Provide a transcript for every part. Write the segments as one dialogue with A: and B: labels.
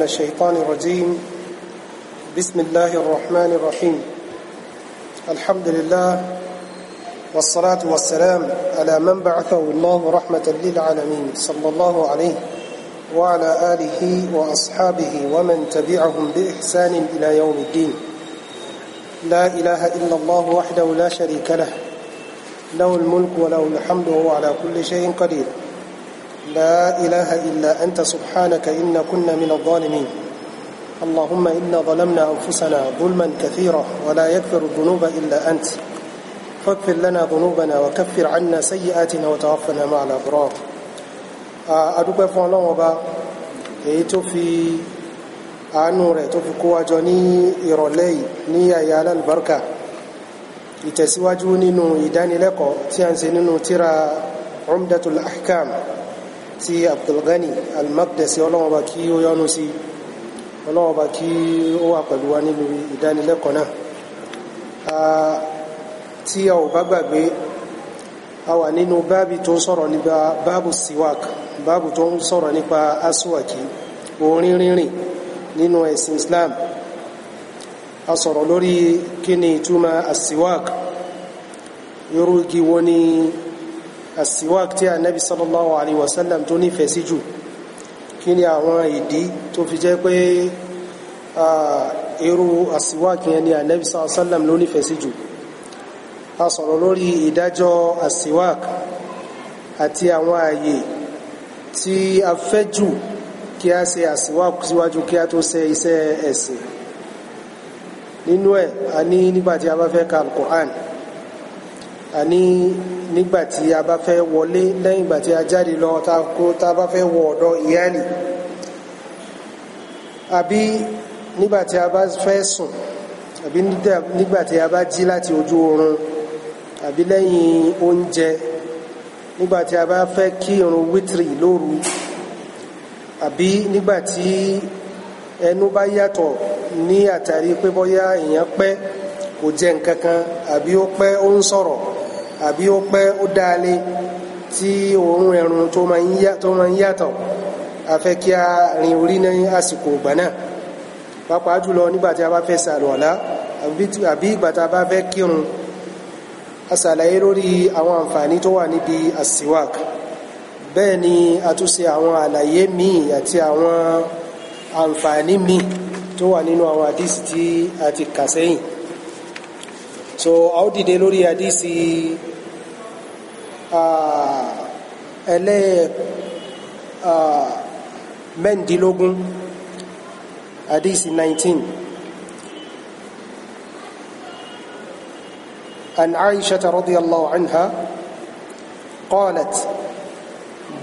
A: من الشيطان الرجيم بسم الله الرحمن الرحيم الحمد لله والصلاة والسلام على من بعثه الله رحمة للعالمين صلى الله عليه وعلى آله وأصحابه ومن تبعهم بإحسان إلى يوم الدين لا إله إلا الله وحده لا شريك له له الملك وله الحمد وهو على كل شيء قدير لا إله إلا أنت سبحانك إن كنا من الظالمين اللهم إنا ظلمنا أنفسنا ظلما كثيرا ولا يكفر الذنوب إلا أنت فاغفر لنا ذنوبنا وكفر عنا سيئاتنا وتوفنا مع الأبرار أدوك فون الله وبا إيتو في أنور rẹ̀ في fi kó wájọ ní ìrọ̀lẹ́ yìí ní àyà alálùbáríkà ìtẹ̀síwájú nínú ìdánilẹ́kọ̀ọ́ tí a ń ṣe ti Abdulgani al-Maqdisi ọlọ́wọ́ba kí ó yọ́nú sí ọlọ́wọ́ba kí ó wà pẹ̀lú wa nínú ìdánilẹ́kọ̀ọ́ náà tí a ò bá gbàgbé a wà nínú báàbì tó ń sọ̀rọ̀ nípa báàbù siwak báàbù tó ń sọ̀rọ̀ nípa aswaki orin rínrìn nínú ẹ̀sìn Islam a sọ̀rọ̀ lórí kí ni ìtumọ̀ asiwak irú igi ni asiwak tí anabi sallallahu alayhi wa sallam tó nífẹ̀ẹ́ sí jù kí ni àwọn ìdí tó fi jẹ́ pé irú asiwak yẹn ni anabi sallallahu alayhi wa sallam ló nífẹ̀ẹ́ sí jù a sọ̀rọ̀ lórí ìdájọ́ asiwak àti àwọn ààyè tí a fẹ́ jù kí a ṣe asiwak síwájú kí a tó ṣe iṣẹ́ ẹ̀sìn nínú ẹ̀ a ní nígbàtí a bá fẹ́ ka al-Qur'an a ní nígbà tí a bá fẹ́ wọlé lẹ́yìn ìgbà tí a jáde lọ ta kó ta bá fẹ́ wọ ọ̀dọ̀ ìyáàlì àbí nígbà tí a bá fẹ́ sùn àbí nígbà tí a bá jí láti ojú oorun àbí lẹ́yìn oúnjẹ nígbà tí a bá fẹ́ kí irun wítìrì lóru àbí nígbà tí ẹnu bá yàtọ̀ ní àtàrí pé bóyá èèyàn pẹ́ kò jẹ nǹkan kan àbí ó pẹ́ ó ń sọ̀rọ̀ àbí ó pẹ́ ó dáalé tí òórùn ẹ̀rùn tó máa ń yàtọ̀ afẹ́ kí a rin orí ní àsìkò ìgbà náà pàápàá jùlọ nígbà tí a bá fẹ́ ṣàlùwàlá àbí ìgbà tí a bá fẹ́ kírun a ṣàlàyé lórí àwọn àǹfààní tó wà níbi àsìwák bẹ́ẹ̀ ni a tún ṣe àwọn àlàyé míì àti àwọn àǹfààní míì tó wà nínú àwọn àdísì tí a ti kà sẹ́yìn so a ó dìde lórí àdísì. ẹlẹ́ mẹ́ndínlógún hadith 19. عن عائشة رضي الله عنها قالت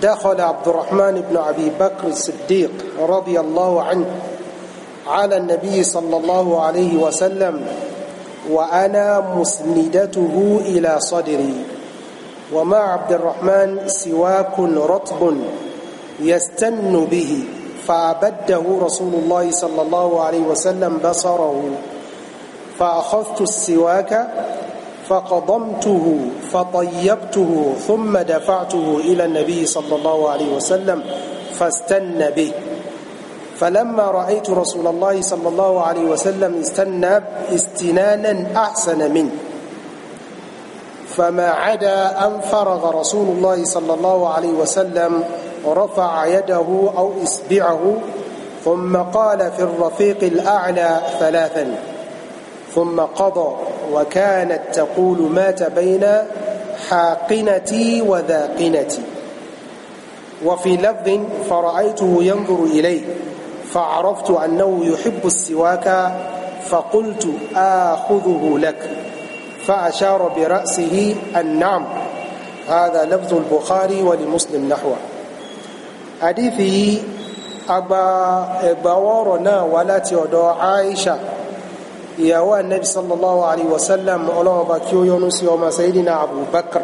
A: دخل عبد الرحمن بن أبي بكر الصديق رضي الله عنه على النبي صلى الله عليه وسلم وأنا مسندته إلى صدري ومع عبد الرحمن سواك رطب يستن به فعبده رسول الله صلى الله عليه وسلم بصره فأخذت السواك فقضمته فطيبته ثم دفعته إلى النبي صلى الله عليه وسلم فاستن به فلما رأيت رسول الله صلى الله عليه وسلم استنى استنانا أحسن منه فما عدا أن فرغ رسول الله صلى الله عليه وسلم رفع يده أو إصبعه ثم قال في الرفيق الأعلى ثلاثا ثم قضى وكانت تقول مات بين حاقنتي وذاقنتي وفي لفظ فرأيته ينظر إلي فعرفت أنه يحب السواك فقلت آخذه لك فأشار برأسه النعم هذا لفظ البخاري ولمسلم نحوه حديثه أبا بوارنا ولا ودعا عائشة يا النبي صلى الله عليه وسلم أولا بك يونس يوم سيدنا أبو بكر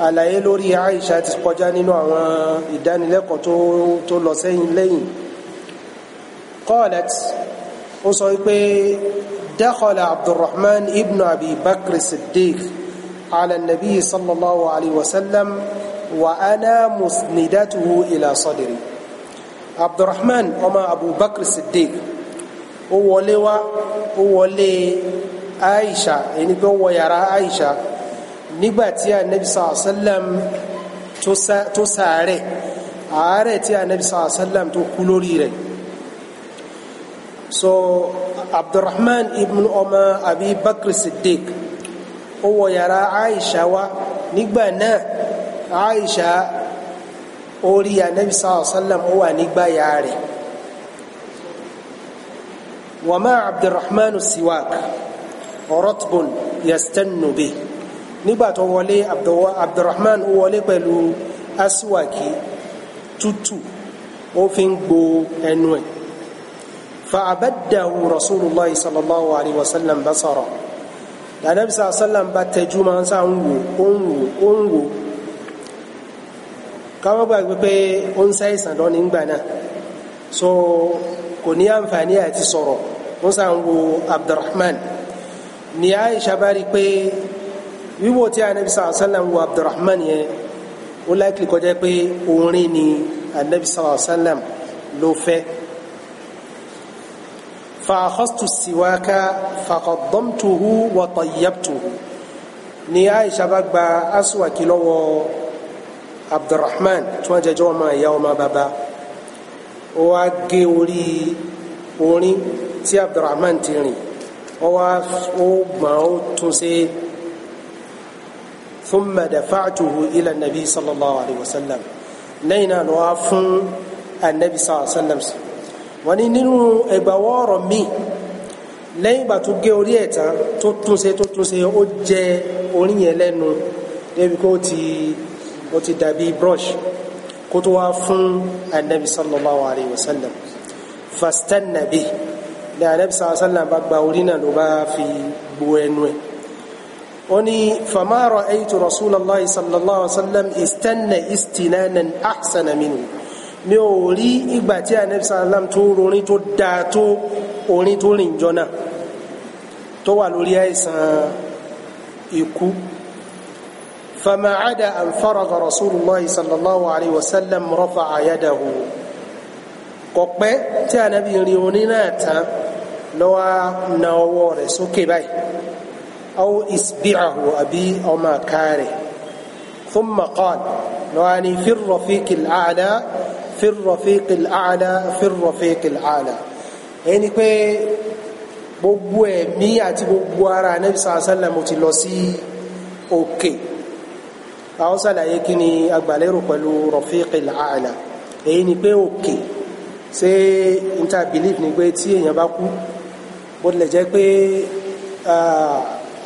A: على lórí عائشة ti kọjá nínú àwọn ìdánilẹ́kọ̀ọ́ سين لين قالت sẹ́yìn دخل عبد الرحمن ابن أبي بكر الصديق على النبي صلى الله عليه وسلم وأنا مسندته إلى صدري عبد الرحمن أما أبو بكر الصديق هو لوا هو لي عائشة يعني هو يرى عائشة يا النبي صلى الله عليه وسلم تساري àárẹ̀ tí a nẹ́bí sàásẹ́lẹ̀m tó وسلم lórí rẹ̀ so abdulrahman ibn omar abi bakr siddiq ó wọ yàrá aisha wa nígbà náà aisha orí anabi sallallahu alayhi wa sallam ó wà nígbà yàrá rẹ̀ wa ma abdulrahman siwak rotbun yastannu bih nígbà tó wọlé abdulrahman ó wọlé pẹ̀lú aswaki tútù ó fi ń gbo ẹnu ẹ̀. فعبده رسول الله صلى الله عليه وسلم بصرا النبي صلى الله عليه وسلم باتجو ما انسى انو انو انو káwọn gbàgbé pé ó ń ṣàìsàn lọ nígbà náà so kò ní àǹfààní àti sọ̀rọ̀ ó sàn wo abdulrahman ní aisha bá rí i pé wíwò tí anabi sallallahu alayhi wa sallam wo abdulrahman yẹn ó láìkìlì kọjá pé orin ni anabi sallallahu alayhi wa sallam ló fẹ́. فأخذت السواك فقدمته وطيبته ni aisha bá gba aswaki lọ́wọ́ abdulrahman tí wọ́n jẹjọ́ ọmọ ìyá ọmọ bàbá ó wá gé orí orin tí abdulrahman ti rìn ó wá ó gbọ̀n ó tún ṣe thumma dafa'tuhu ila nabi sallallahu alayhi wa sallam lẹ́yìn náà ló wá fún anabi sallallahu alayhi wa sallam wọ́n ní nínú ẹgbàwọ́ ọ̀rọ̀ míì lẹ́yìn ìgbà tó gé orí ẹ̀ tán tó túnṣe tó túnṣe ó jẹ orí yẹn lẹ́nu débi kó ti ó ti dàbí brush kó tó wá fún anabi sallallahu alayhi wa sallam fastanna bi anabi sallallahu alayhi wa sallam bá gba orí náà ló bá fi gbo ẹnu ẹ̀ ó ní famaro aitu rasulallah sallallahu alayhi wa sallam istanna istinanan ahsana mi ò rí ìgbà tí anabi sallam tó rorin tó dáa tó orin tó rìn jọna tó wà lórí àìsàn ikú fama ada an faraga rasulillah sallallahu alayhi wa sallam rafa'a yadahu kò pẹ́ tí anabi rin orin náà tán lọ́wọ́ na ọwọ́ rẹ̀ sókè báyìí aw isbi'ahu àbí ọmọ àká rẹ̀ thumma qala ni fi rafiqil في الرفيق الأعلى في الرفيق الأعلى ẹni pé gbogbo ẹ̀mí àti gbogbo ara anabi sàásàlà mo ti lọ sí òkè àwọn sàlàyé kí ni agbàlérò pẹ̀lú rọ̀fíìkì làálà èyí ni pé òkè ṣé níta belief ni pé tí èèyàn bá kú bó tilẹ̀ jẹ́ pé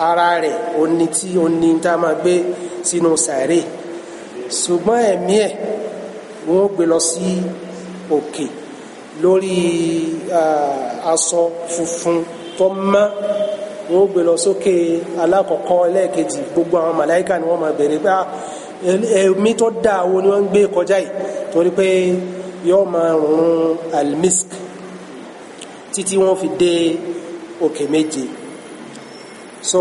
A: ara rẹ̀ òní tí òní níta máa gbé sínú sàárè ṣùgbọ́n ẹ̀mí ẹ̀ wọ́n gbé lọ sí òkè lórí aṣọ funfun tó mọ́ wọ́n gbé lọ sókè alákọ̀ọ́kọ́ ẹlẹ́ẹ̀kejì gbogbo àwọn màláìka ni wọ́n máa bẹ̀rẹ̀ pé ẹ̀mí tó dáa wo ni wọ́n gbé kọjá yìí torí pé yóò máa rún almisk títí wọ́n fi dé òkè méje so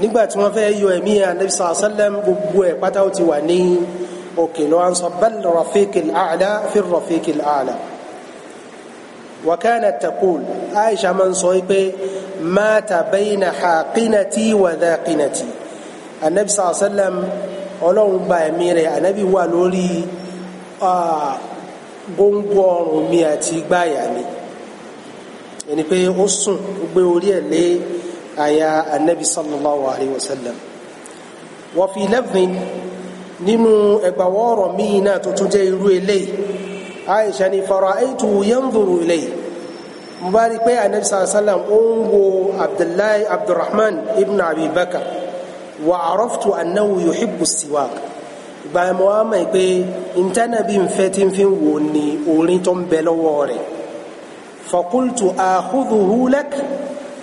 A: nígbà tí wọ́n fẹ́ yọ ẹ̀mí anabi sàlẹ́m gbogbo ẹ̀ pátá ó ti wà ní òkè lọ à ń sọ bal rafiqil a'la fi rafiqil a'la wa kanat taqul aisha máa ń sọ pé mata bayna haqinati wa dhaqinati anabi sallallahu alayhi wa sallam ọlọ́run gba ẹ̀mí rẹ̀ anabi wà lórí góńgó ọrùn mi àti gbáyà mi ẹni pé ó sùn ó gbé orí ẹ̀ lé àyà anabi sallallahu alayhi wa sallam wa fi lafdhin nínú ẹgbàwọ́ ọ̀rọ̀ míì náà tó tún jẹ́ irú eléyìí Aisha ni fara'aytu yanzuru ilayhi mo bá rí pé anabi sallam ó ń wo Abdullahi Abdurrahman ibn Abi Bakr wa araftu annahu yuhibbu siwak ìgbà mo wá mọ̀ pé ntẹ́nàbí nfẹ́ tí n fi wò ní orin tó ń bẹ lọ́wọ́ rẹ̀ fakultu akhudhuhu lak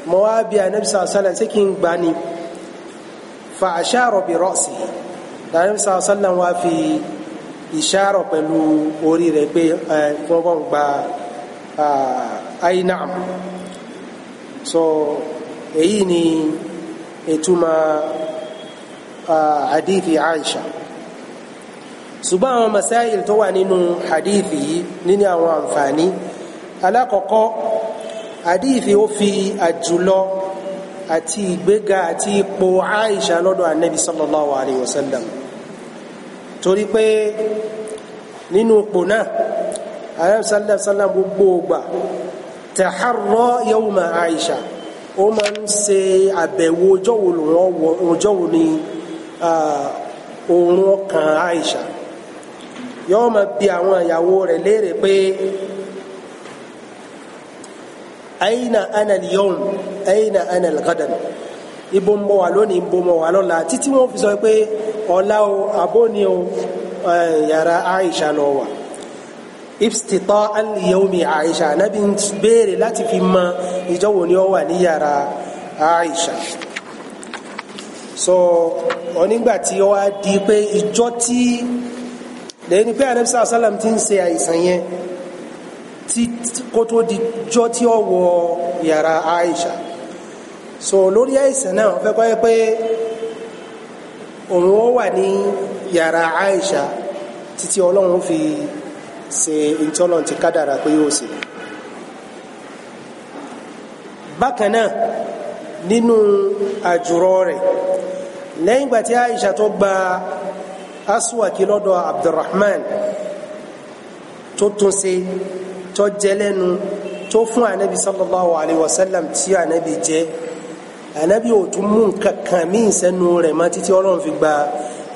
A: mo wá bí anabi sallam ṣé kí n gbani fa ashara bi ra'sihi lànà sàlẹ̀ wa fi ìṣàrọ̀ pẹ̀lú orí rẹ̀ pé ẹ gba ainam so èyí ni ìtumọ̀ hadithi Aisha ṣùgbọ́n àwọn masáyìl tó wà nínú hadithi yìí nínú àwọn àǹfààní alákọ̀ọ́kọ́ hadithi ó fi àjùlọ àti ìgbéga àti ipò Aisha lọ́dọ̀ anabi sallallahu alayhi wa sallam torí pé nínú ipò náà aláìsàlẹ̀ sàlẹ̀ gbogbo ògbà tẹ̀hárọ̀ yawma Aisha ó máa ń ṣe àbẹ̀wò ọjọ́wò ọjọ́wò ni òun ọkàn Aisha yóò máa bi àwọn ìyàwó rẹ̀ léèrè pé aina ana aina ana ibo ń bọ̀ wá lónìí ń bọ̀ mọ̀ wá lọ́la títí wọ́n fi sọ pé ọ̀la o àbó ni o eh, yàrá Aisha lọ wà ibsitọ́ aliyomi Aisha anabi ń béèrè láti fi mọ ìjọ ni ó wà ní yàrá Aisha so onígbà tí ó wá di pé ìjọ tí lẹ́yìn pé anabi sàlám sàlám ti ń ṣe àìsàn yẹn kó tó di jọ tí ó wọ yàrá Aisha so lórí àìsàn náà wọ́n fẹ́ kọ́ pé òun ó wà ní yàrá Aisha títí ọlọ́run fi ṣe ìtọ́lọ̀ ti kádàrà pé yóò ṣe bákan náà nínú àjùrọ rẹ̀ lẹ́yìn ìgbà tí Aisha tó gba aswaki lọ́dọ̀ Abdulrahman tó tún ṣe tó jẹ lẹ́nu tó fún anabi sallallahu alayhi wa sallam tí anabi jẹ́ ànábì ò tún mú nǹkan kan míì sẹ́nu rẹ̀ má títí ọlọ́run fi gba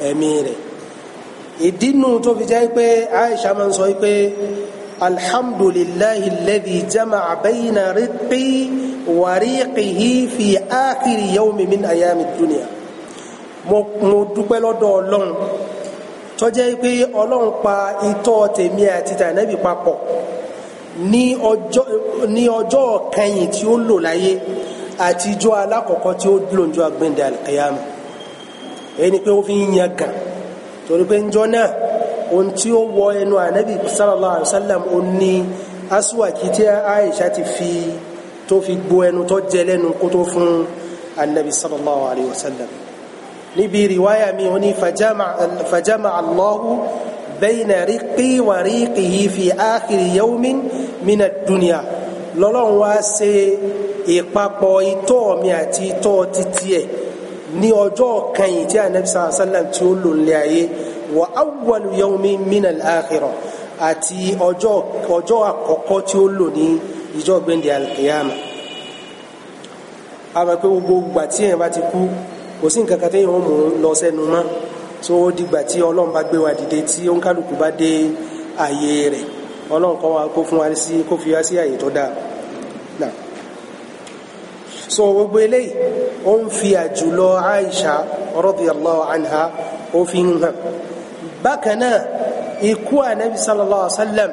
A: ẹ̀mí rẹ̀ ìdínú tó fi jẹ́ pé Aisha máa ń sọ pé alhamdulillahi alladhi jama'a bayna ridqi wa riqihi fi akhiri yawmi min ayami dunya mo dúpẹ́ lọ́dọ̀ ọlọ́run tó jẹ́ pé ọlọ́run pa itọ́ tèmi àti tànẹ́bì papọ̀ ní ọjọ́ kẹyìn tí ó lò láyé àti ijó alákọ̀ọ́kọ́ tí ó lòjọ́ agbẹ́ndẹ̀ alìkẹyàmù èyí ni pé ó fi ń yan gàn torí pé njọ́ náà ohun tí ó wọ ẹnu ànábì sallallahu alaihi wasallam ó ní aswaki tí Aisha ti fi tó fi gbo ẹnu tó jẹ lẹ́nu kó tó fún ànábì sallallahu alaihi níbi riwaya mi ó ní fajama allahu bayna riqi wa riqihi fi akhiri yawmin min ad-dunya lọ́lọ́run wá ṣe ìpapọ̀ itọ́ mi àti itọ́ títí ẹ̀ ní ọjọ́ kẹyìn tí anabi sàlá sàlám tí ó lò nílé ayé wa awwalu yawmi minal akhirah àti ọjọ́ ọjọ́ àkọ́kọ́ tí ó lò ní ìjọ gbẹ̀ndẹ̀ alkiyama a máa pé gbogbo gbà tí èèyàn bá ti kú kò sí nǹkan kan téèyàn ó mú lọ sẹ́nu mọ́ tó ó dìgbà tí ọlọ́run bá gbé wa dìde tí ó ń kálukú bá dé ààyè rẹ̀ ọlọ́run kọ́ wa kó fún wa sí kó fi wá sí ààyè tó dáa so gbogbo eléyìí ó ń fi àjùlọ Aisha radiyallahu anha ó fi ń hàn bákan náà ikú ànábi sallallahu alaihi wa sallam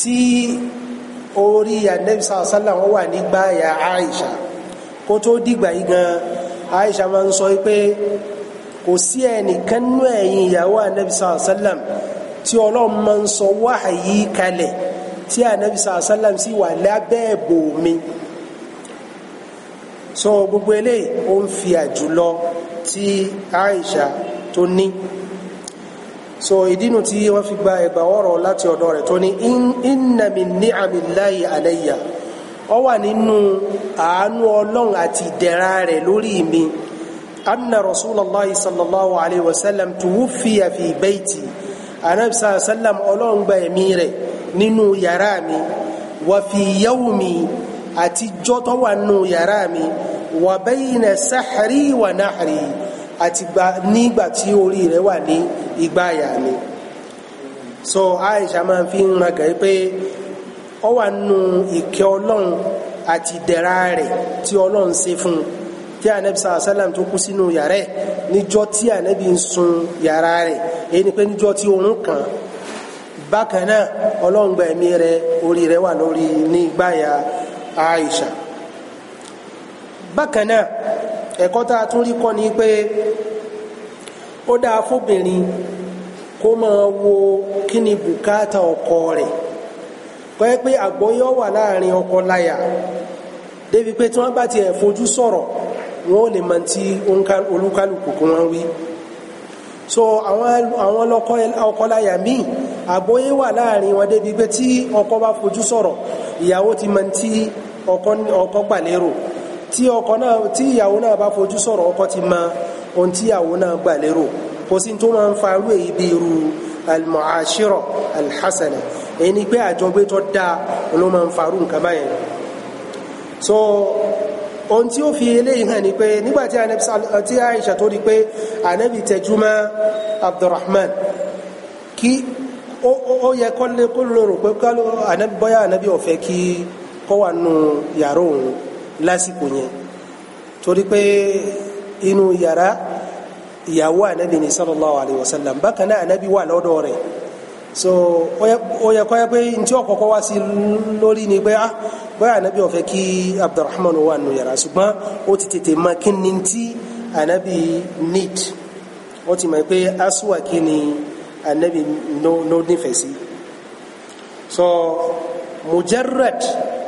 A: tí orí ànábi sallallahu alaihi wa sallam wà nígbà ya Aisha kó tó dìgbà yìí gan Aisha máa ń sọ pé kò sí ẹnìkan nú ẹ̀yìn ìyàwó ànábi sallallahu tí ọlọ́run máa ń sọ wáhàyí kalẹ̀ tí ànábi sallallahu alaihi sì wà lábẹ́ ẹ̀bò mi so gbogbo eléyìí ó ń fi àjùlọ tí Aisha tó ní so ìdínú tí wọ́n fi gba ẹgbà ọ̀rọ̀ láti ọ̀dọ̀ rẹ̀ tó ní inna min ni'amillahi alayya ó wà nínú àánú ọlọ́run àti ìdẹ̀ra rẹ̀ lórí mi anna rasulallah sallallahu alayhi wa sallam tuwufiya fi bayti anabi sallam ọlọ́run gba ẹ̀mí rẹ̀ nínú yàrá mi wà fi yawmi mi àti jọ́ tó wà nù yàrá mi wà bayna sahri wà nahri àti nígbà tí orí rẹ̀ wà ní igbá àyà mi so Aisha máa fi ń ma gàí pé ó wà nù ìkẹ́ ọlọ́run àti dẹ̀ra rẹ̀ tí ọlọ́run ṣe fún un tí anabi sàlá sàlám tó kú sínú yàrá ẹ̀ níjọ́ tí anabi ń sun yàrá rẹ̀ èyí ni pé níjọ́ tí oorun kàn bákan náà ọlọ́run ẹ̀mí rẹ̀ orí rẹ̀ wà lórí ní ìgbáyà Aisha bákan náà ẹ̀kọ́ tá a tún rí kọ́ ni pé ó dáa fóbìnrin kó máa wo kí ni bùkátà ọkọ rẹ̀ kọ́ ẹ pé àgbọ́yọ́ wà láàrin ọkọ láya débi pé tí wọ́n bá tiẹ̀ fojú sọ̀rọ̀ wọn ò lè mọ tí olúkálùkù kí wọ́n wí so àwọn àwọn ọkọláyà míì àgbóyé wà láàrin wọn débi pé tí ọkọ bá fojú sọ̀rọ̀ ìyàwó ti mọ tí ọkọ gbà lérò tí ọkọ náà tí ìyàwó náà bá fojú sọ̀rọ̀ ọkọ ti mọ ohun tí ìyàwó náà gbà lérò kò sí tó máa ń farú èyí bí irú almuashiro alhassana èyí pé àjọgbé tó ló máa ń farú nǹkan báyẹn so ohun tí ó fi eléyìí hàn ni pé nígbàtí tí Aisha tó di pé anabi tẹjúmọ́ Abdurrahman ó yẹ kó lè kó lòrò pé kálọ ànábì bóyá ànábì ó fẹ́ kí kó wà nù yàrá òun lásìkò yẹn torí pé inú yàrá ìyàwó ànábì ní sallallahu alayhi wa sallam bákan náà ànábì wà lọ́dọ̀ rẹ̀ so ó yẹ kó yẹ pé ntí ọ̀kọ̀ọ̀kọ̀ wá sí lórí ni pé ah bóyá ànábì ó fẹ́ kí abdulrahman wà nù yàrá ṣùgbọ́n ó ti tètè mọ kí ni ti ànábì need ó ti mọ̀ pé aswa kí anabi no nífẹ̀ẹ́ sí so mujarrad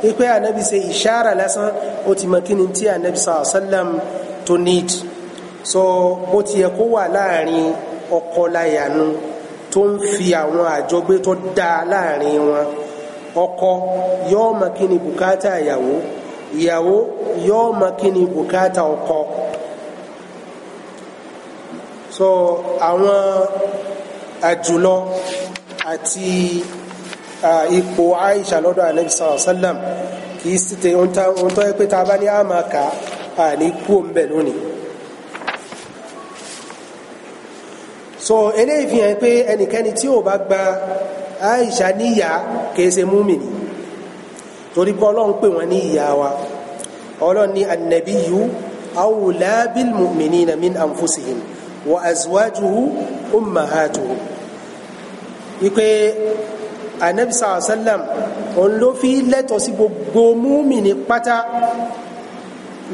A: ipe anabi ṣe ishara lásán ó ti mọ kíni tí anabi sọ àṣálàm tó need so bó ti yẹ kó wà láàrin ọkọ láyàánu tó ń fi àwọn àjọgbé tó dáa láàrin wọn ọkọ yóò mọ kíni bùkátà ìyàwó ìyàwó yóò mọ kíni bùkátà so àwọn àjùlọ àti ipò Aisha lọ́dọ̀ Ànábì sallallahu alaihi wasallam kì í síte ohun tó yẹ pé ta bá ní àmà ká àní kú òǹbẹ̀ lónìí so eléyìí fi hàn pé ẹnikẹ́ni tí ò bá gba Aisha níyà kìí ṣe múmìnì torí pé Ọlọ́run pè wọ́n ní ìyá wa Ọlọ́run ní annabiyyu mu'minina min anfusihim wa azwajuhu ummahatuhu wípé anabi sallallahu alayhi wa sallam òun ló fi lẹ́tọ̀ọ́ sí gbogbo múmìnì pátá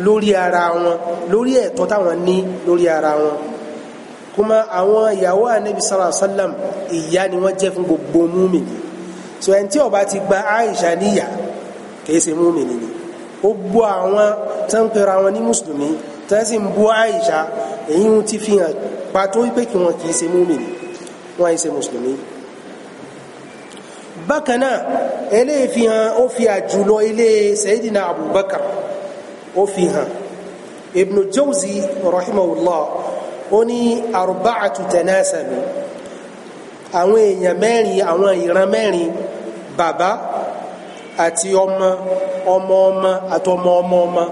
A: lórí ara wọn lórí ẹ̀tọ́ táwọn ní lórí ara wọn kuma àwọn ìyàwó anabi sallallahu alayhi wa sallam ìyá ni wọ́n jẹ́ fún gbogbo múmìnì so ẹni tí ó ti gba Aisha níyà kìí ṣe ni ó gbọ́ àwọn tó ń pera wọn ní mùsùlùmí tó ń sì ń bú Aisha èyí ń ti fi hàn pàtó wípé kí wọn kì í ṣe múmìnì wọn àìṣe mùsùlùmí bákan náà eléyìí fi hàn ó fi àjùlọ ilé Sayyidina Abubakar ó fi hàn Ibn Jawzi rahimahullah ó ní arba'atu tanasabu àwọn èèyàn mẹ́rin àwọn ìran mẹ́rin bàbá àti ọmọ ọmọ ọmọ àtọmọ ọmọ ọmọ. ọmọ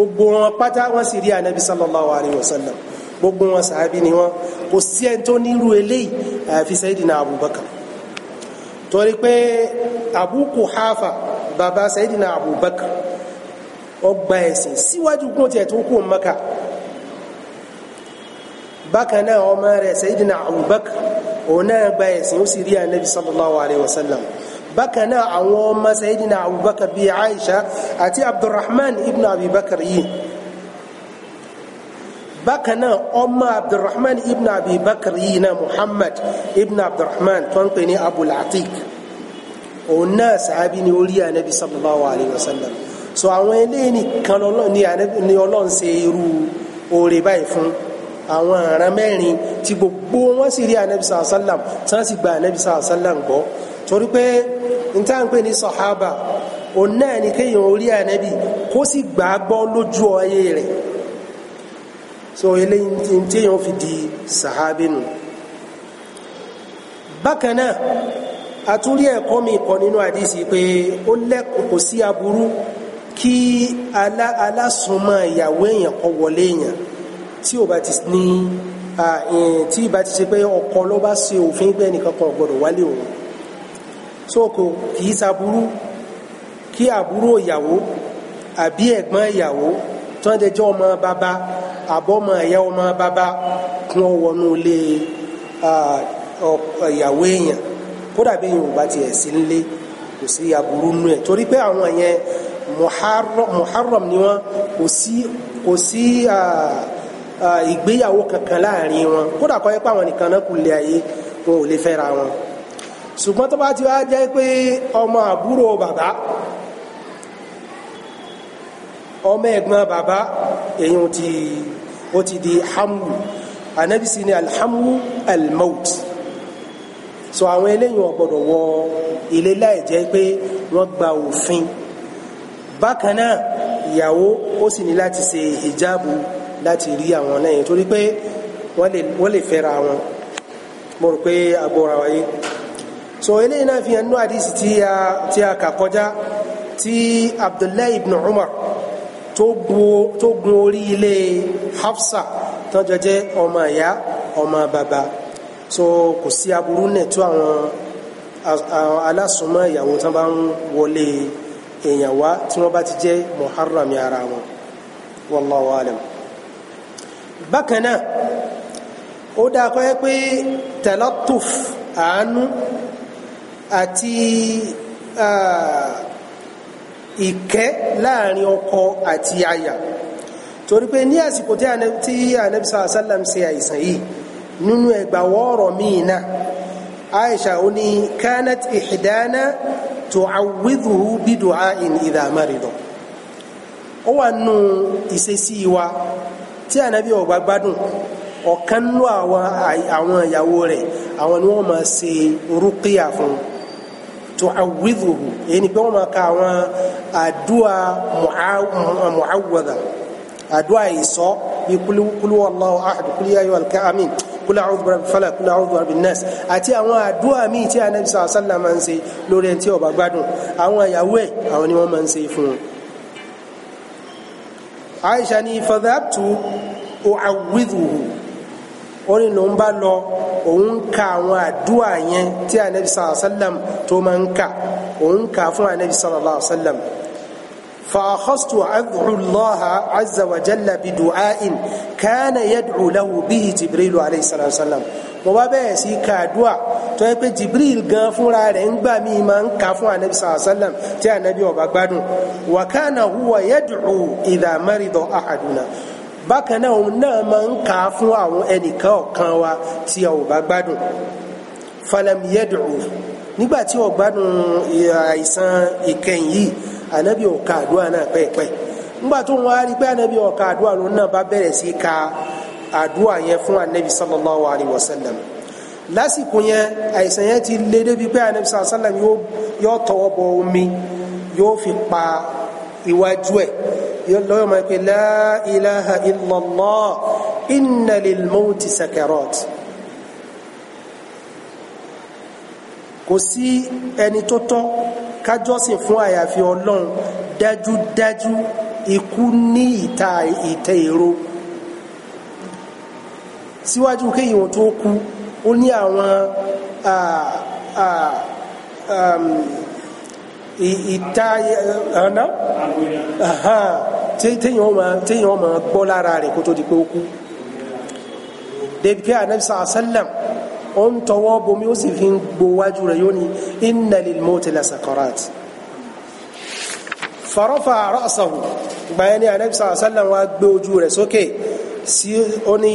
A: gbogbo wọn pátá wọn sì rí anabi sallallahu alayhi wa sallam gbogbo wọn sàábì ni wọn kò sí ẹni tó nírú eléyìí àfi sayidina abubakar torí pé abu kuhafa baba sayidina abubakar ọgbà ẹ̀sìn síwájú gún tiẹ̀ tó kú maka bákan náà ọmọ rẹ̀ sayidina abubakar òun náà gba ẹ̀sìn ó sì rí anabi sallallahu alayhi wa sallam bákan náà àwọn ọmọ sayidina abubakar bíi aisha àti abdulrahman ibn abubakar yìí bákan náà ọmọ abdulrahman ibn abubakar yìí náà muhammad ibn abdulrahman tó ń pè ní abul atiq òun náà sàábí ni ó rí ànábi sallallahu alayhi wa sallam so àwọn eléyìí nìkan ni ọlọ́run ṣe irú oore báyìí fún àwọn àrán mẹ́rin tí gbogbo wọn sì rí ànábi sallallahu alayhi wa sallam tí wọ́n sì gba ànábi sallallahu alayhi wa sallam gbọ́ torí pé níta ń pè ní sọ̀hábà òun ni kéèyàn orí ànábì kó sì gbàgbọ́ lójú ayé rẹ̀ so eléyìí tí èèyàn fi di sàhábì nù bákan náà àtúrí ẹ̀kọ́ mi kọ nínú àdísì pé ó lẹ́kọ̀ọ́ kò sí aburú kí alásùnmọ́ ìyàwó èèyàn kọ wọlé èèyàn tí ò bá ti ní tí ì ti ṣe pé ọkọ ló bá ṣe òfin gbẹ́ kan ò gbọ́dọ̀ wálé so kò kìí saburú kí àbúrò ìyàwó àbí ẹ̀gbọ́n ìyàwó tí wọ́n jẹjọ́ ọmọ bàbá àbọ́mọ ẹ̀yà ọmọ bàbá kí wọ́n wọnú ilé ìyàwó èèyàn kódà bí yorùbá tiẹ̀ sí nílé kò sí aburú nù ẹ̀ torí pé àwọn yẹn muharram ni wọn kò sí kò sí ìgbéyàwó kankan láàrin wọn kódà kọ́ ẹ pé àwọn nìkan náà kù lé ayé wọn ò lè fẹ́ra wọn ṣùgbọ́n tó bá ti wá jẹ́ pé ọmọ àbúrò bàbá ọmọ ẹ̀gbọ́n bàbá èyàn ti ó ti di hamlu anabisi ni alhamlu almaut so àwọn eléyìn ọ̀gbọ́dọ̀ wọ ilé láì jẹ́ pé wọ́n gba òfin bákan náà ìyàwó ó sì ní láti ṣe hijabu láti rí àwọn lẹ́yìn torí pé wọ́n lè fẹ́ra wọn mo rò pé agbóra wáyé so eléyìí náà fi hàn nínú àdísì tí a tí a kà kọjá tí abdullahi ibn umar tó gun orí ilé hafsa tán jọ jẹ́ ọmọ ìyá ọmọ bàbá so kò sí aburú nẹ̀ tó àwọn alásùnmọ́ ìyàwó tán bá ń wọlé èèyàn wá tí wọ́n bá ti jẹ́ muharram ara wọn wallahu alam bákan náà ó dáa kọ́ yẹ pé talatuf àánú àti ìkẹ́ láàrin ọkọ àti aya torí pé ní àsìkò tí Ànábì sallam ṣe àìsàn yìí nínú ẹgbà wọ́ọ̀rọ̀ míì náà Aisha ó ní kanat ihdana tu'awwidhuhu bidu'a'in idha marida ó wà nù ìṣesí wa tí Ànábì ọ̀gbà gbádùn ọ̀kan lọ àwọn ìyàwó rẹ̀ àwọn ni wọ́n máa ṣe rúkìá fún un tu'awwidhuhu èyí ni pé wọ́n máa ka àwọn àdúà mu'awwadha àdúà ìsọ bí kúlú wallahu ahad kúlú yáyọ alkaami kúlú a'udhu bi rabbil falaq kúlú a'udhu bi rabbin nas àti àwọn àdúà míì tí anabi sàlá máa ń ṣe lórí ẹni tí ó bá gbádùn àwọn ìyàwó ni wọ́n máa ń ṣe Aisha ni fadhabtu u'awwidhuhu ó ní ló ń bá lọ òun ka àwọn àdúrà yẹn tí anabi sallallahu alayhi wa sallam tó máa ń kà òun kà fún anabi sallallahu alayhi wa sallam فأخذت أدعو الله عز وجل بدعاء كان يدعو له به جبريل عليه الصلاة والسلام mo bá bẹ̀rẹ̀ sí ka àdúà tó yẹ pé jibril gan fúnra rẹ̀ ń gbà mí máa ń ka fún anabi sàlám tí anabi ọba gbádùn wa kana huwa yad'u idha marida ahaduna bákan náà òun náà máa ń kà á fún àwọn ẹnìkan ọ̀kan wa tí a ò bá gbádùn falam yad'u nígbà tí ó gbádùn àìsàn ìkẹyìn yìí ànábì ò ka àdúrà náà pẹ́ẹ́pẹ́ nígbà tó ń wá rí pé ànábì ò àdúrà lòun náà bá bẹ̀rẹ̀ sí ka àdúrà yẹn fún ànábì sallallahu alayhi wa sallam lásìkò yẹn àìsàn yẹn ti lé débi pé ànábì sallallahu sallam yóò tọwọ́ bọ omi yóò fi pa iwájú ẹ̀ lọ́yọ̀ máa pe la ilaha illallah inna lil mawti sakarat kò sí ẹni tó tọ́ kájọ́sìn fún àyàfi ọlọ́run dájúdájú ikú ní ìta ìtẹ́ èrò síwájú kéyìn tó kú ó ní àwọn ah, ah, um, ìta ọ̀nà téèyàn ọmọ gbọ́ lára rẹ̀ kó tó di pé ó kú débi pé anabi sàá sálàm ó ń tọwọ́ bomi ó sì fi ń gbowájú rẹ̀ yóò ní inna lil mawti la sakarat farafa ra'sahu gbàyẹn ní anabi sàá sálàm wá gbé ojú rẹ̀ sókè sí ó ní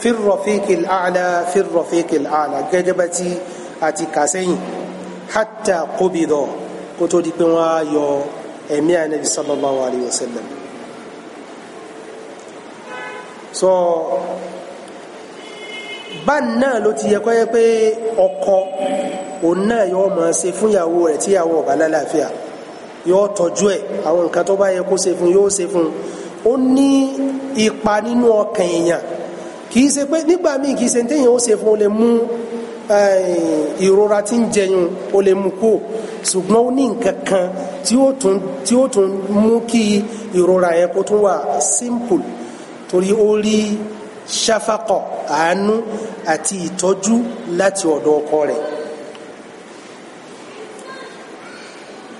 A: fir rafiqil a'la fir gẹ́gẹ́ bá ti àti kà sẹ́yìn hatta kó tó di pé wọ́n á yọ ẹ̀mí ànábì sallallahu alayhi wa sallam so báà náà ló ti yẹ kó yẹ pé ọkọ òun náà yóò máa ṣe fún ìyàwó rẹ̀ tí ìyàwó ọ̀bá lálàáfíà yóò tọ́jú ẹ̀ àwọn nǹkan tó bá yẹ kó ṣe fún yóò ṣe fún ó ní ipa nínú ọkàn èèyàn kì í ṣe pé nígbà míì kì í ṣe téèyàn ó ṣe fún ó lè mú Eh, ìrora tí ń jẹyun ó lè mú kó ṣùgbọ́n ó ní nǹkan kan tí ó tún mú kí ìrora yẹn kó tún wà simple torí ó rí ṣáfàkọ àánú àti ìtọ́jú láti ọ̀dọ̀ ọkọ rẹ̀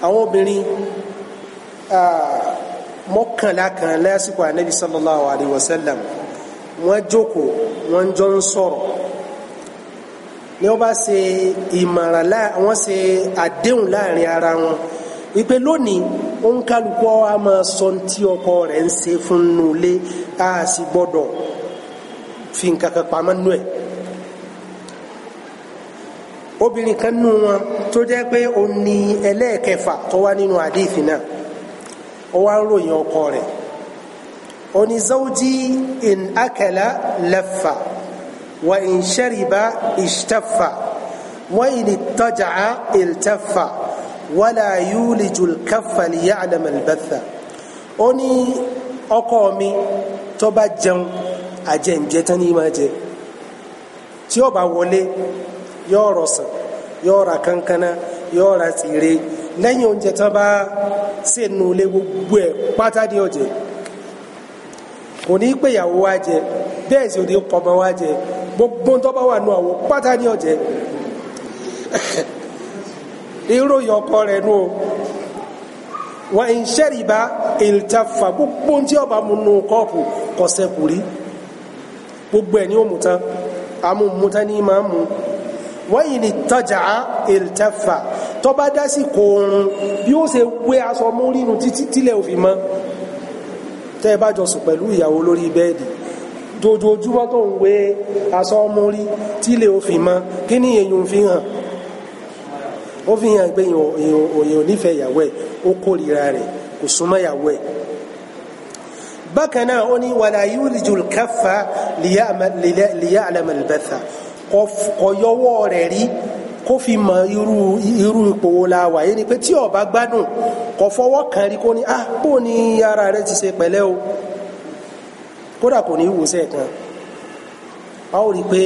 A: àwọn obìnrin mọ́kànlá kan lásìkò ànábi sallallahu alayhi wa sallam wọ́n jókòó wọ́n jọ ń sọ̀rọ̀ ni wọ́n bá ṣe ìmọ̀ràn wọ́n ṣe àdéhùn láàrin ara wọn wípé lónìí òun kálukú a máa sọ tí ọkọ rẹ̀ ń ṣe fún nulẹ̀ a sì gbọ́dọ̀ fi nǹkan kan pamọ́ nù ẹ̀ obìnrin kan nù wọn tó jẹ́ pé ó ní ẹlẹ́ẹ̀kẹfà tó wá nínú àdéhìí náà ó wá ń ròyìn ọkọ rẹ̀ ó in akala lafa. وإن شرب اشتف وإن اضطجع التف ولا يولج الكف ليعلم البث ó ní ọkọ mi tó bá jẹun àjẹǹjẹ tán ní máa jẹ tí ó bá wọlé yóò rọsàn yóò ra kankana yóò ra tìrẹ lẹ́yìn oúnjẹ tán bá sènú ilé gbogbo ẹ pátá ní ọjẹ kò ní pèyàwó wá jẹ bẹ́ẹ̀ sì ò ní pọmọ wá jẹ gbogbo tó bá wà nù àwọ̀ pátá ní ọ̀jẹ̀ ìròyìn ọkọ rẹ̀ nù o wà ń ṣẹ́rìbá ìltafà gbogbo tí ọba mu nù kọ́ọ̀pù kọ̀sẹ̀ kù rí gbogbo ẹ̀ ní ó mú tán àmú mú tán ní máa mú wọ́n yìí ni tọ́jà ìltafà tó bá dá sí kò bí ó ṣe wé aṣọ mú rínu títí tílẹ̀ òfin mọ́ tẹ́ ẹ bá jọ sùn pẹ̀lú ìyàwó lórí bẹ́ẹ̀dì dojoojúmọ́ tó ń wé aṣọ ọmọ rí tí lè òfin mọ kí ni èyàn fi hàn ó fi hàn pé èyàn ò nífẹ̀ẹ́ ìyàwó ẹ̀ ó kórìíra rẹ̀ kò súnmọ́ ìyàwó ẹ̀ bákan náà ó ní wàlá yuliju káfà liya'lama al-batha kò yọwọ́ rẹ̀ rí kó fi mọ irú ipò wo la wà yìí ni pé tí ó gbádùn kò fọwọ́ kan rí kó ní ah bó ni ara rẹ̀ ti ṣe pẹ̀lẹ́ o kódà kò ní wòsàn kan a ó rí i pé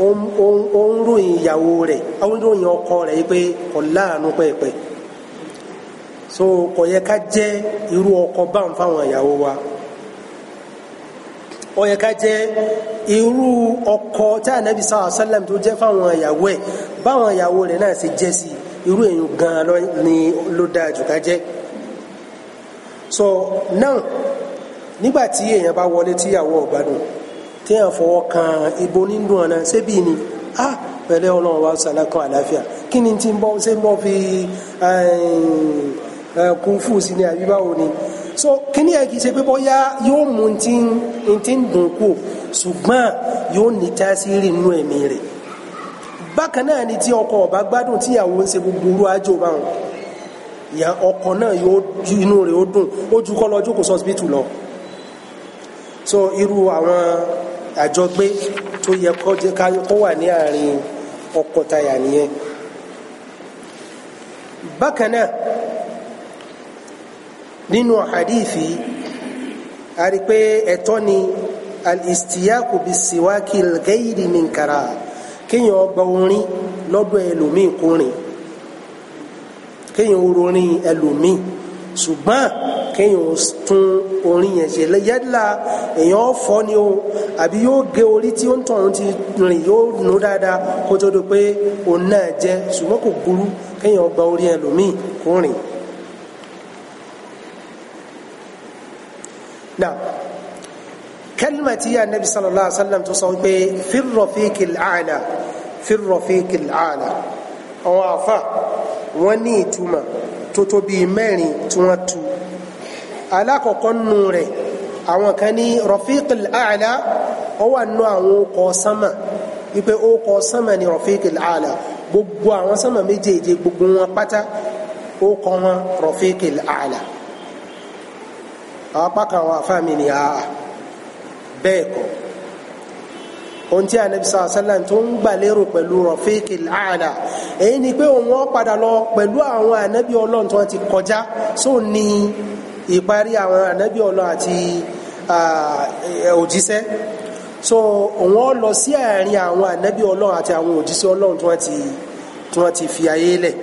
A: ó ń ròyìn ìyàwó rẹ̀ ó ròyìn ọkọ rẹ̀ yìí pé kò láàánú pẹ́ẹ́pẹ́ so kò yẹ ká jẹ́ irú ọkọ báwọn fáwọn ìyàwó wa ó yẹ ká jẹ́ irú ọkọ tí ànábì sáà sálẹm tó jẹ́ fáwọn ìyàwó ẹ̀ báwọn ìyàwó rẹ̀ náà ṣe jẹ́ sí irú èèyàn gan-an ni ló dáa jù ká jẹ́ so now nígbà tí èèyàn bá wọlé tí ìyàwó ọ̀gbádùn tí èèyàn fọwọ́ kan ibo nínú ọ̀nà ṣébí ni a pẹ̀lẹ́ ọlọ́run wa sàlá kan àlàáfíà kí ni tí ń bọ́ ṣé ń bọ́ fi kún fún sí ni àbí báwo ni so kíní ẹ̀ kì í ṣe pé bọ́yá yóò mú n tí ń dùn kù ṣùgbọ́n yóò ní tásírì nínú ẹ̀mí rẹ̀ bákan náà ni tí ọkọ ọba gbádùn tí ìyàwó ń ṣe gbogbo orú àjò báwọn ọkọ náà yóò inú rẹ̀ ó dùn ó ju kọ́ lọ jókòó sọ́sibítù lọ so irú àwọn àjọgbé tó yẹ kó wà ní àárín ọkọ taya nìyẹn bákan náà nínú hadithi a rí pé ẹ̀tọ́ ni alistiyaku bi siwaki gẹ́yìrì min kara kéèyàn ọgbà orin lọ́dọ̀ ẹlòmíì kúrin kéèyàn orin ẹlòmíì ṣùgbọ́n kéèyàn tún orin yẹn ṣe yálà èèyàn fọ́ ni o àbí yóò gé orí tí ó ń tọ̀run ti rìn yóò nù dáadáa kó tó do pé òun náà jẹ ṣùgbọ́n kò burú kéèyàn gba orí ẹlòmíì kó rìn. now kẹ́lìmà tí Ànábì sallallahu alaihi wasallam tó sọ pé fir rafiqil a'la fir àwọn àfà wọ́n ní ìtumọ̀ tó tó bíi tí wọ́n tu alákọ̀ọ́kọ́ nù rẹ̀ àwọn kan ní rafiqil a'la ó wà nù àwọn okọ̀ sánmà wípé okọ̀ sánmà ní rafiqil a'la gbogbo àwọn sánmà méjèèje gbogbo wọn pátá okọ̀ wọn rafiqil a'la àwọn apá kan àwọn afáàmì ni àà bẹ́ẹ̀ kọ́ ohun tí anabi sàlá tó ń gbà lérò pẹ̀lú rọ̀fíìkì àlà èyí ni pé òun ó padà lọ pẹ̀lú àwọn anabi ọlọ́run tó ti kọjá sóun ní ìparí àwọn ànábì ọlọ àti òjíṣẹ́ so wọ́n lọ sí àárín àwọn ànábì ọlọ àti àwọn òjíṣẹ́ Ọlọ́run tí wọ́n ti tí wọ́n ti fi ayé lẹ̀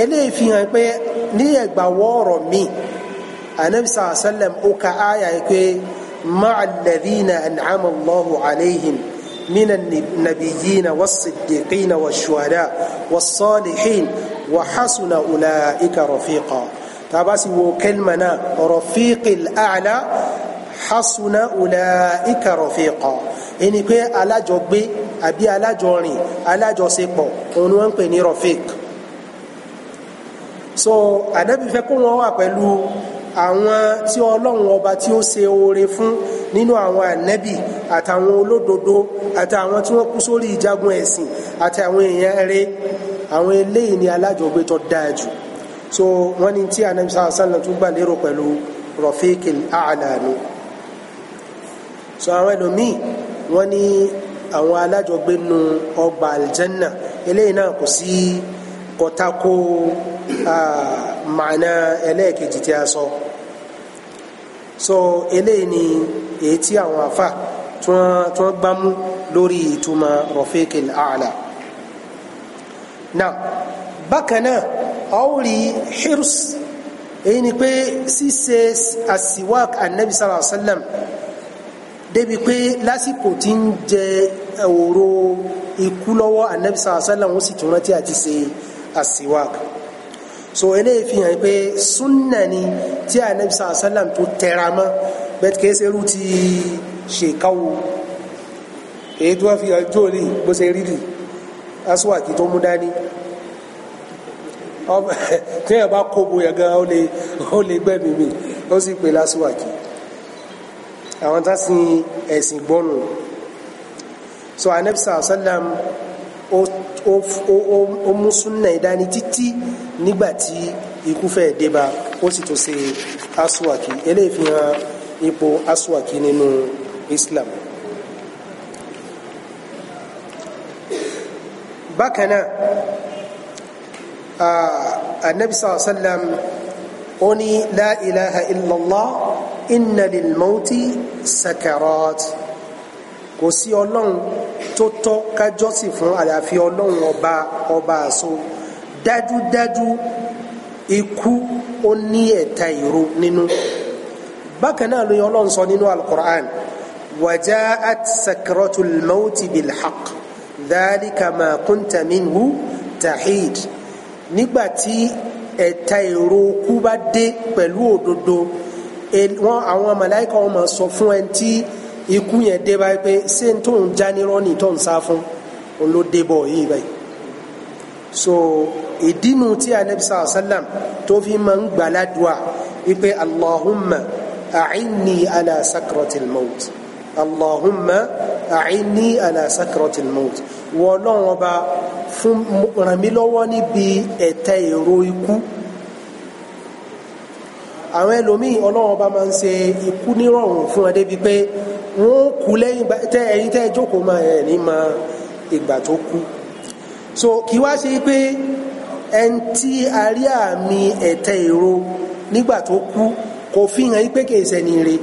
A: eléyìí fi hàn pé ní ẹgbà wọọrọ mi anabi sàlá ó ka àyà yìí pé ma'a alladhina an'ama Allahu alayhim. من النبيين والصديقين والشهداء والصالحين وحسن أولئك رفيقا tàbá sì wo kẹlìmà náà rafiqil a'la hasuna ulaika rafiqa ẹni pé alájọgbé àbí alájọrìn alájọṣepọ̀ òun ni wọ́n ń pè ní rafiq so ànábì fẹ́ kó wọn wà pẹ̀lú àwọn tí ọlọ́run ọba tí ó ṣe oore fún nínú àwọn ànábì àtàwọn olódodo àtàwọn tí wọ́n kú sórí ìjagun ẹ̀sìn àtàwọn èèyàn rere àwọn eléyìí ni alájọgbé tó dáa jù so wọ́n ní tí anabi sallallahu alaihi wasallam tún gbà lérò pẹ̀lú rọ̀fíkì àlànà so àwọn ẹlòmíì wọ́n ní àwọn alájọgbé nu ọgbà aljanna eléyìí náà kò sí kọtako màánà ẹlẹ́ẹ̀kejì tí a sọ so eléyìí ni èyí tí àwọn afa tí wọ́n gbámú lórí ìtumọ̀ rọ̀fíkì àlà náà bákan náà ọ̀rí hirs èyí ni pé ṣíṣe àsìwák anabi sallallahu alayhi wa sallam débi pé lásìkò tí ń jẹ òru ikú lọ́wọ́ anabi sallallahu alayhi ó sì tún rántí àti ṣe àsìwák so eléyìí fi hàn pé súnà ni tí anabi sallallahu alayhi wa sallam tó tẹra mọ́ bẹ́ẹ̀ kìí ṣe irú ti ṣèkáwó èyí tó wá fi hàn jóòlì bó ṣe rí rí aṣọ àti tó mú dání téèyàn bá kó bóyá gan ó lè ó lè gbẹ́mìí mi ó sì pè lásìwàkì àwọn tá sin ẹ̀sìn gbọ́nù so anabisa asalam ó mú súnà ìdání títí nígbàtí ikú fẹ́ débá ó sì tó ṣe aswaki eléyìí fi hàn ipò aswaki nínú Islam bákan náà آه، النبي صلى الله عليه وسلم أني لا إله إلا الله إن للموت سكرات كسي الله توتو كجوسي فون على في الله أبا أبا سو دادو دادو إكو أني تيرو نينو بكنا لي الله صنينو القرآن وجاءت سكرة الموت بالحق ذلك ما كنت منه تحيد nígbà tí ẹ̀ta èrò okú bá dé pẹ̀lú òdodo wọn àwọn màláíkà wọn máa sọ fún ẹni tí ikú yẹn dé báyìí pé ṣé n tó ń já nírọ́ ni tó ń sá fún òun bọ̀ yìí báyìí so ìdínú tí anabi sàlá sàlám tó fi máa ń gbàládùá wípé allahumma a'inni ala sakratil maut allahumma a'inni ala sakratil maut wọ́n lọ́wọ́ bá fún ràn mí lọ́wọ́ níbi ẹ̀tẹ́ èrò ikú àwọn ẹlòmíì ọlọ́run bá máa ń ṣe ikú nírọ̀rùn fún ẹ débi pé wọ́n kú lẹ́yìn tẹ́ ẹ̀yin tẹ́ jókòó máa ẹ̀ ní ma ìgbà tó kú so kì wá ṣe pé ẹni tí a rí àmì ẹ̀tẹ́ èrò nígbà tó kú kò fi hàn pé kì í ṣẹni re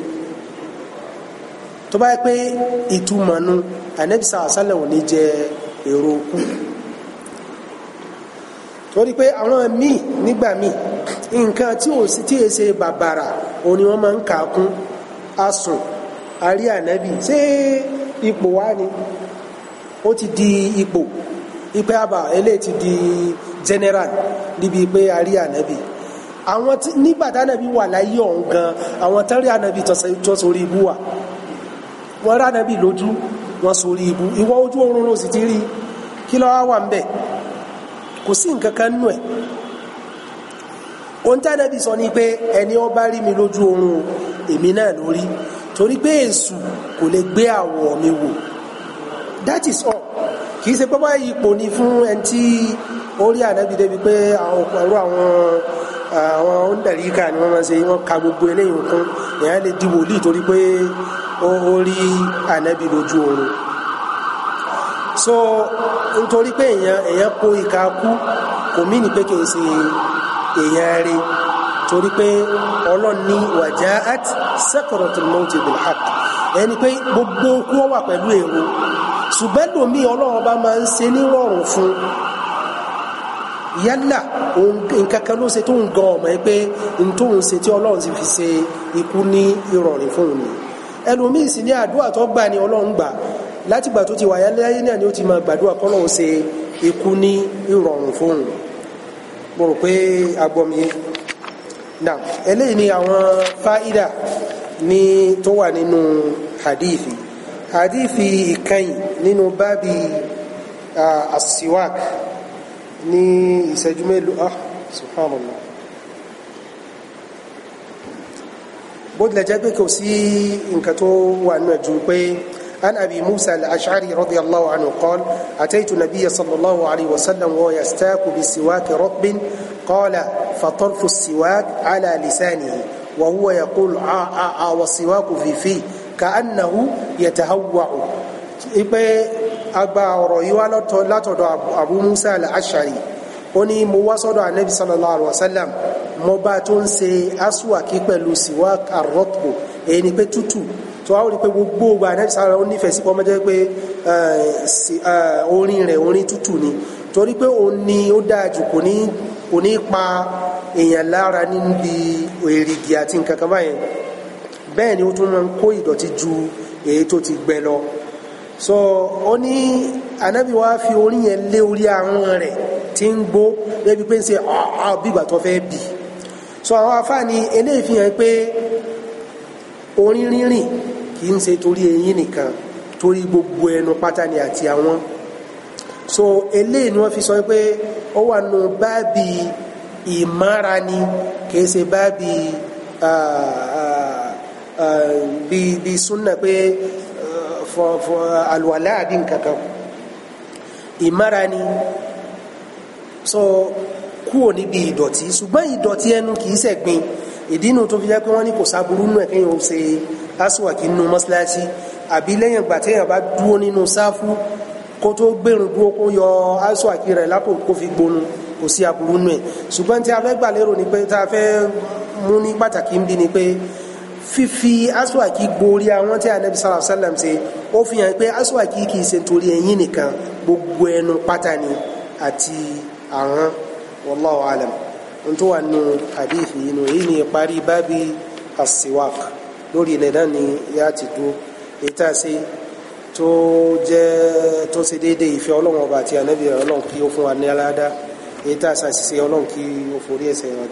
A: tó bá yẹ pé ìtumọ̀ nu ànẹ́bísà àṣálẹ̀ ò ní jẹ èrò kú torí pé àwọn míì nígbà míì nǹkan tí ò sí tí è ṣe bàbàrà òun ni wọ́n máa ń kà kún asùn àrí ànábì ṣé ipò wá ni ó ti di ipò ipe àbà eléyìí ti di general níbi pé àrí ànábì àwọn nígbà tí ànábì wà láyé ọ̀hún gan àwọn tán rí ànábì tó sórí ibú wà wọ́n rí ànábì lójú wọ́n sórí ibú ìwọ ojú oorun ló sì ti rí kí ló wà ń bẹ̀ kò sí nǹkan kan nù ẹ̀ ohun tí ànábì sọ ni pé ẹni ó bá rí mi lójú oorun èmi náà lórí torí pé èṣù kò lè gbé àwọ̀ mi wò that is all kì í ṣe pé báyìí ipò ni fún ẹni tí ó rí ànábì débi pé àwọn pẹ̀lú àwọn àwọn ondàríkà ni wọ́n máa ṣe wọ́n ka gbogbo eléyìí kún èèyàn lè di wòlíì torí pé ó rí ànábì lójú oorun so nítorí pé èèyàn èèyàn kó ìka kú kò mí ní pé kì í ṣe èèyàn rí torí pé ọlọ́run ní waja'at sakaratul mawti bil haqq ẹni pé gbogbo kú ọ wà pẹ̀lú èrò ṣùgbọ́n lómi ọlọ́run bá máa ń ṣe nírọ̀rùn fún yálà nǹkan kan ló ṣe tó ń gan ọmọ yìí pé n tó ń ṣe tí ọlọ́run ti fi ṣe ikú ní ìrọ̀rùn fún un ni ẹlòmíì sì ní àdúrà tó gbà ní ọlọ́run gbà láti gbà tó ti wáyà láyé náà ni ó ti máa gbàdúrà kọ́lọ́ ó ṣe ikú ní ìrọ̀rùn fóun mo rò pé agbọ́miye náà eléyìí ni àwọn fáídà ní tó wà nínú hadithi hadithi ìkẹyìn nínú báàbí asiwak ní ìṣẹ́jú mélòó ah subhanallah bó tilẹ̀ jẹ́ pé kò sí nǹkan tó wà nínú ẹ̀jú pé. عن أبي موسى الأشعري رضي الله عنه قال أتيت النبي صلى الله عليه وسلم وهو يستاك بسواك رطب قال فطرف السواك على لسانه وهو يقول آ آ آ والسواك في فيه كأنه يتهوع agba ọ̀rọ̀ yìí wá látọ̀dọ̀ abu musa al-ashari ó ní mo wá sọ́dọ̀ anabi sallallahu alaihi wasallam mo bá tó ń ṣe aswaki pẹ̀lú tó a ó rí pé gbogbo ògbà anabi sara ó nífẹ̀ẹ́ sí kọ́mọ́jẹ́ pé orin rẹ̀ orin tútù ni torí pé òun ni ó dáa jù kò ní kò ní pa èèyàn lára níbi èrìgì àti nǹkan kan báyẹn bẹ́ẹ̀ ni ó tún máa ń kó ìdọ̀tí ju èyí tó ti gbẹ lọ so ó ní anabi wa fi orin yẹn lé orí ahọ́n rẹ̀ tí ń gbó débi pé ń ṣe ọ̀ọ́ ah, ah, tó fẹ́ bì so àwọn afáàní eléyìí fi hàn pé orin rírìn kì í ṣe torí eyín nìkan torí gbogbo ẹnu pátá ni àti àwọn so eléyìí ni wọ́n fi sọ pé ó wà nù báàbì ìmára ni kì í ṣe báàbì bí súnà pé uh, àlùwàlá àbí nǹkan ìmára ni so kúrò níbi ìdọ̀tí ṣùgbọ́n ìdọ̀tí ẹnu kì í ṣẹ̀gbin ìdí inú tó fi jẹ́ pé wọ́n ní kò sáburú nù ẹ̀ ó ṣe é aswaki nínú mọ́sálásí àbí lẹ́yìn ìgbà téèyàn bá dúró nínú sáfù kó tó gbẹ̀rùn dúró kó yọ aswaki rẹ̀ lápò kó fi gbónú kò sí aburú nù ẹ̀ ṣùgbọ́n tí a fẹ́ gbà lérò ni pé tá a fẹ́ mú ní pàtàkì ń bí ni pé fífi aswaki gborí àwọn tí anabi sallallahu sallam ṣe ó fi hàn pé aswaki kì í ṣe torí ẹ̀yìn nìkan gbogbo ẹnu pátá ni àti àwọn wallahu n tó wà nù hadith yìí èyí ni ìparí bábí asiwak lórí ilẹ̀ náà ni yá ti dúró ètà ṣe tó jẹ́ tó ṣe déédéé ìfẹ́ ọlọ́run ọba àti ànábìyàn ọlọ́run kí ó fún wa ní aládá ètà ṣàṣìṣe ọlọ́run kí ó forí ẹ̀ṣẹ̀ wa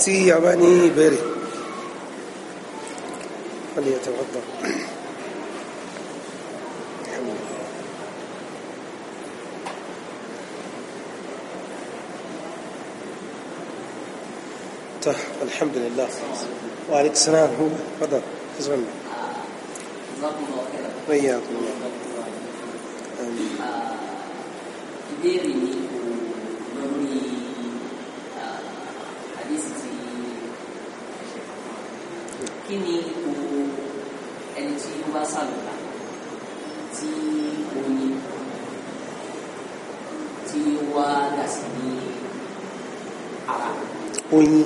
A: تي a بيري ní يتوضا فليتوضا طيب، الحمد لله وعليك السلام هو فضل تسلم جزاكم الله خيرا وياكم الله امين sàlùkà tí o ní tí wá dà sí ní ara. oyin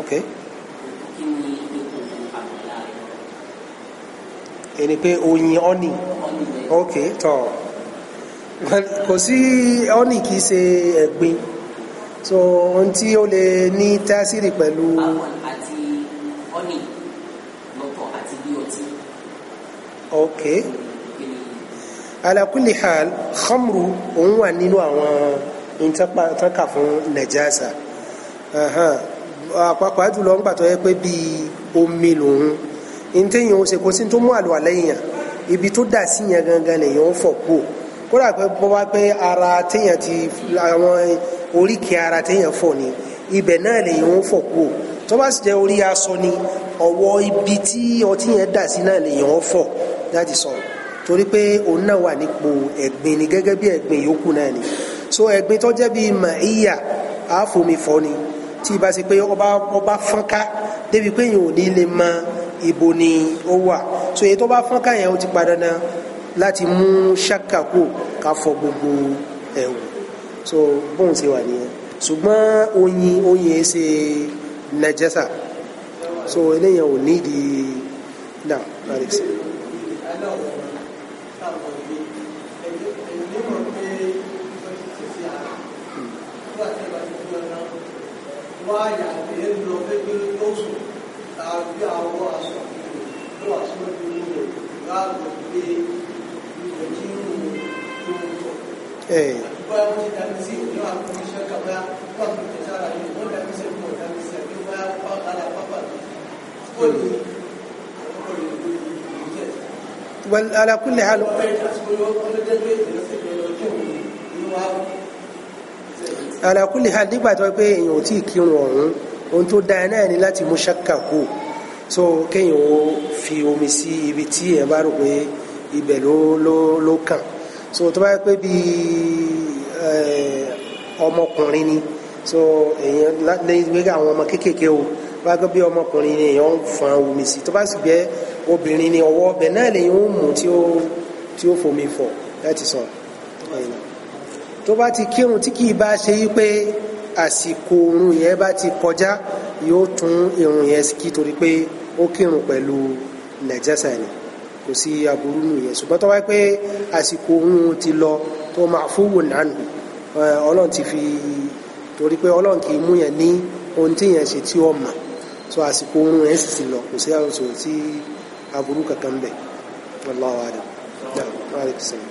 A: ok. kí ni ipò àgbàlá rẹ. ẹni pé oyin ọ́nì ok tọ kò sí ọ́nì kì í ṣe ẹ̀gbin so ohun tí ó lè ní tásìrì pẹ̀lú. àwọn okay ala kulli hal khamru òun wà nínú àwọn ìtàkà fún najasa àpapọ̀ àjùlọ ń gbàtọ́ yẹ pé bíi omi lòun ntẹ́yìn ó ṣe kó sí tó mú àlọ́ àlẹ́yìn ibi tó dà sí yẹn gangan lèyìn ó fọ̀ kú kódà pé bọ́ wá pé ara téèyàn ti àwọn oríkèé ara téèyàn fọ̀ ni ibẹ̀ náà lèyìn ó fọ̀ kú tó bá sì jẹ́ orí aṣọ ni ọwọ́ ibi tí ọtí yẹn dà sí náà lèyìn ó fọ̀ kú that is all torí pé òun náà wà nípò ẹ̀gbin ni gẹ́gẹ́ bí ẹ̀gbin yòókù náà ni so ẹ̀gbin tó jẹ́ bíi mà íyà àáfomi fọ ni tí ìbá ṣe pé ọba ọba fọ́nká débi pé yìí ò ní lè mọ ibo ni ó wà so èyí tó bá fọ́nká yẹn ó ti padà náà láti mú ṣáka kù ká fọ gbogbo ẹ̀wù so bóun ṣe wà nìyẹn ṣùgbọ́n oyin oyin ẹ̀ e ṣe nàjẹ́sà so eléyàn ò nídìí náà. waya da ya dobe bin kosu ta fi awo a sauki ko a sauki ne ga gobe da kinu tunto ba mu da misi ne a kuma shakka ba ba mu da tsara ne ko da misi ko da misi ne ba ba kala ba ba ko ni wal ala kulli hal Alakuli kulli hal nígbà tó pé èèyàn ò tí ì kírun ọ̀hún ohun tó dáa náà ni láti mú ṣáka kú so kéèyàn ó fi omi sí ibi tí èèyàn bá rò pé ibẹ̀ ló ló ló kàn so tó bá pé bíi eh, ọmọkùnrin ni so èèyàn lẹ́yìn pé àwọn ọmọ kéékèèké o bá gbé bí ọmọkùnrin ni èèyàn ń fọn omi sí tó bá sì bẹ obìnrin ni ọwọ́ ọbẹ̀ náà lèyìn ó mú tí ó tí ó fomi fọ̀ láti sọ tó bá ti kírun tí kìí bá ṣe wípé àsìkò irun yẹn bá ti kọjá yóò tún irun yẹn kí torí pé ó kírun pẹ̀lú nàìjẹsà ni kò sí aburú nù yẹn ṣùgbọ́n tó wáyé pé àsìkò irun ti lọ tó máa fowó nànú ọlọ́run ti fi torí pé ọlọ́run kì í mú yẹn ní ohun tí yẹn ṣe tí ó mọ̀ so àsìkò irun yẹn sì ti lọ kò sí àrùn sòrò tí aburú kankan bẹ̀ wallahu a'lam. Wa alaykum assalam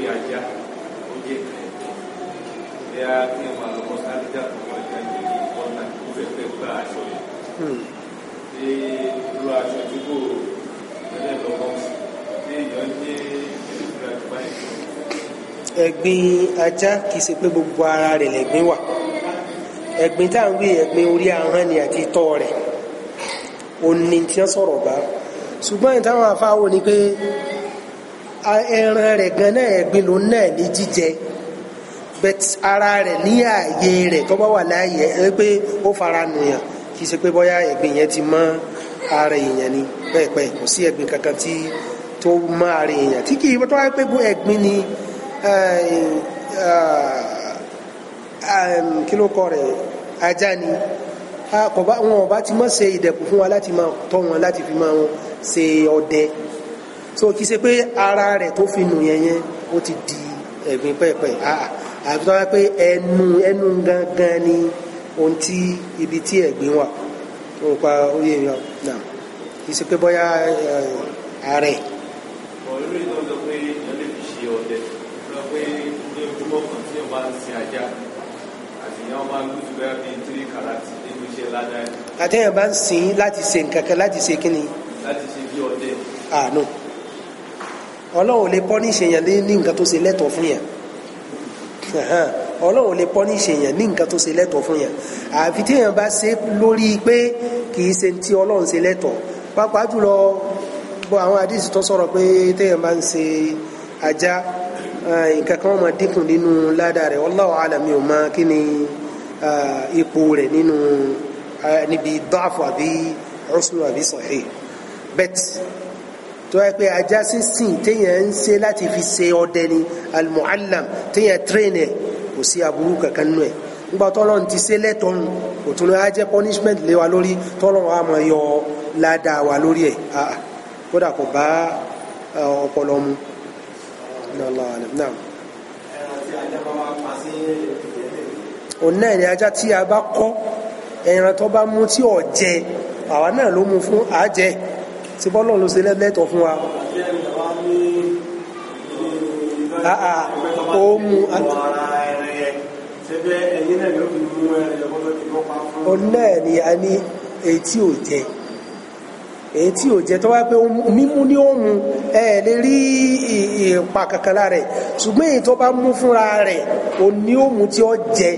A: gbé ajá ó jẹ́ ìkẹ̀kọ́ bí a kí n máa lọ́kọ́ sáájà tó wọ́n jẹ́ ìdílé ìkọ́nà tó fẹ́ fẹ́ gba aṣọ yẹn. ṣé irú aṣọ tí kò tẹ́lẹ̀ lọ́wọ́ ṣé èèyàn jẹ́ ìrìnàjò báyìí lọ. ẹ̀gbin ajá kì í ṣe pé gbogbo ara rẹ̀ lẹ̀gbin wà ẹ̀gbin tá à ń wí ẹ̀gbin orí ahọ́n ni àti itọ́ rẹ̀ òní tí wọ́n sọ̀rọ̀ bá ṣùgbọ́n ìtàwọn afáwò ni pé ẹran rẹ̀ gan náà ẹ̀gbin ló náà ní jíjẹ bẹ́t ara rẹ̀ ní ààyè rẹ̀ tó bá wà láàyè ẹ pé ó fara nù yàn kì í ṣe pé bóyá ẹ̀gbin yẹn ti mọ́ ara èèyàn ni pẹ́ẹ́pẹ́ kò sí ẹ̀gbin kankan tí tó mọ́ ara èèyàn tí kì í tó wá pé ẹ̀gbin ni kí ló kọ rẹ̀ ajá ni wọn ò bá ti mọ̀ ṣe ìdẹ̀kùn fún wa láti tọ́ wọn láti fi máa ṣe ọdẹ so kì í ṣe pé ara rẹ̀ tó fi nù yẹn yẹn ó ti di ẹ̀gbin pẹ́ẹ́pẹ́ àbí tó wá pé ẹnu ẹnu gangan ni ohun tí ibi tí ẹ̀gbin wà òun pa oyè yẹn náà kì í ṣe pé bóyá eh, ààrẹ. ọ̀rọ̀ ìlú ìtọ́jú pé ìyẹn lè fi ṣe ọdẹ lọ pé ní ojúmọ́ kan tí ọba ń sin ajá àtìyàn máa ń lùtù bẹ́ẹ̀ bíi tírí kàràtì nínú iṣẹ́ ládàá. àtẹ̀yìn bá ń sìn láti ṣe nǹkan kan láti ṣe kí ni. láti ṣe bí ọdẹ. ah no ọlọ́run ò lè pọ́níṣe èèyàn ní nǹkan tó ṣe lẹ́tọ̀ọ́ fún yẹn ọlọ́run ò lè pọ́níṣe èèyàn ní nǹkan tó ṣe lẹ́tọ̀ọ́ fún yẹn àfi tí èèyàn bá ṣe lórí pé kì í ṣe ti ọlọ́run ṣe lẹ́tọ̀ọ́ pàápàá jùlọ bọ àwọn àdìsí tó sọ̀rọ̀ pé téèyàn bá ń ṣe ajá eh, nǹkan kan máa dínkù nínú ládàá rẹ̀ wallahu alam ò mọ kí ni eh, ipò rẹ̀ nínú eh, níbi da'fu àbí uslu àbí sahih bẹ́ẹ̀ tó yẹ pé ajá sísìn téèyàn ń ṣe láti fi ṣe ọdẹ ni almuallam téèyàn tírèènì kò sí aburú kankan nù ẹ nígbà tọ́lọ́run ti ṣe lẹ́tọ̀ọ́ nù kò tún lọ́ọ́ jẹ́ punishment lé wa lórí tọ́lọ́run á máa yọ ládàá wa lórí ẹ̀ kódà kò bá ọpọlọ mu. òun náà ni ajá tí a bá kọ́ ẹran tó bá mú tí ò jẹ àwa náà ló mú fún àjẹ ṣe bọ́lọ̀ ló ṣe lẹ́tọ̀ fún wa ah, ah, ó mú ọ̀nà ni a ní etí ò jẹ èyí tí ò jẹ tó wá pé mímú ní ó mu ẹ lè rí ipa kankan lára rẹ̀ ṣùgbọ́n èyí tó bá mú fúnra rẹ̀ ò ní ó mu tí ó jẹ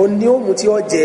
A: ò ní ó mu tí ó jẹ.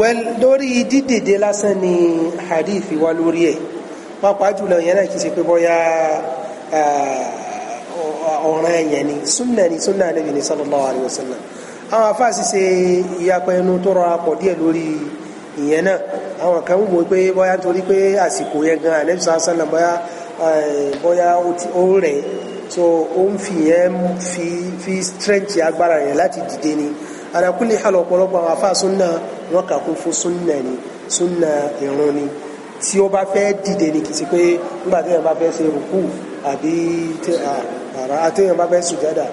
A: wẹ́l lórí dídèdè lásán ni hadith wà lórí ẹ̀ pàápàá jùlọ yẹn náà kì í ṣe pé bọ́yá uh, ọ̀ràn ẹ̀yẹn ni súnà ni súnà níbi ní sallallahu alaihi wasallam àwọn afáàsì ṣe ìyapẹ́ ẹnu tó rọra pọ̀ díẹ̀ lórí ìyẹn náà àwọn kan wò pé bọ́yá torí pé àsìkò yẹn gan ànẹ́bí sallallahu alaihi wasallam bọ́yá uh, bọ́yá ó rẹ̀ so ó ń fi yẹn fi fi strength agbára yẹn láti dìde ni àdàkùnlé hàn ọ̀pọ̀lọpọ̀ àwọn afáàsùn náà wọ́n kà kún fún súnà ni súnà ìrun ni tí ó bá fẹ́ dìde ni kìí ṣe pé nígbà téèyàn bá fẹ́ ṣe rùkú àbí àrà téèyàn bá fẹ́ sùjádà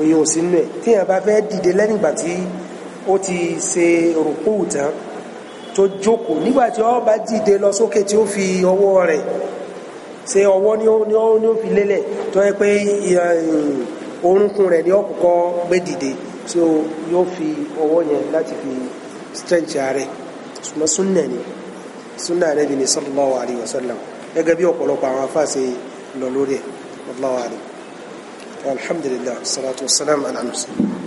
A: òyìn ò sí nù ẹ̀ téèyàn bá fẹ́ dìde lẹ́yìn ìgbà tí ó ti ṣe rùkú tán tó jókòó nígbà tí ó bá dìde lọ sókè tí ó fi ọwọ́ rẹ̀ ṣe ọwọ́ ni ó ni ó ni ó fi lélẹ̀ tó yẹ pé orúnkún rẹ̀ ni ó kọ́kọ́ gbé dìde tí yóò fi ọwọ́ yẹn láti fi strength ààrẹ ṣùgbọ́n súnà ni súnà Ànábì ni sallallahu alayhi wa sallam gẹ́gẹ́ bí ọ̀pọ̀lọpọ̀ àwọn afáàṣe lọ lórí ẹ̀ wallahu alayhi alhamdulillah salatu wa ala musa.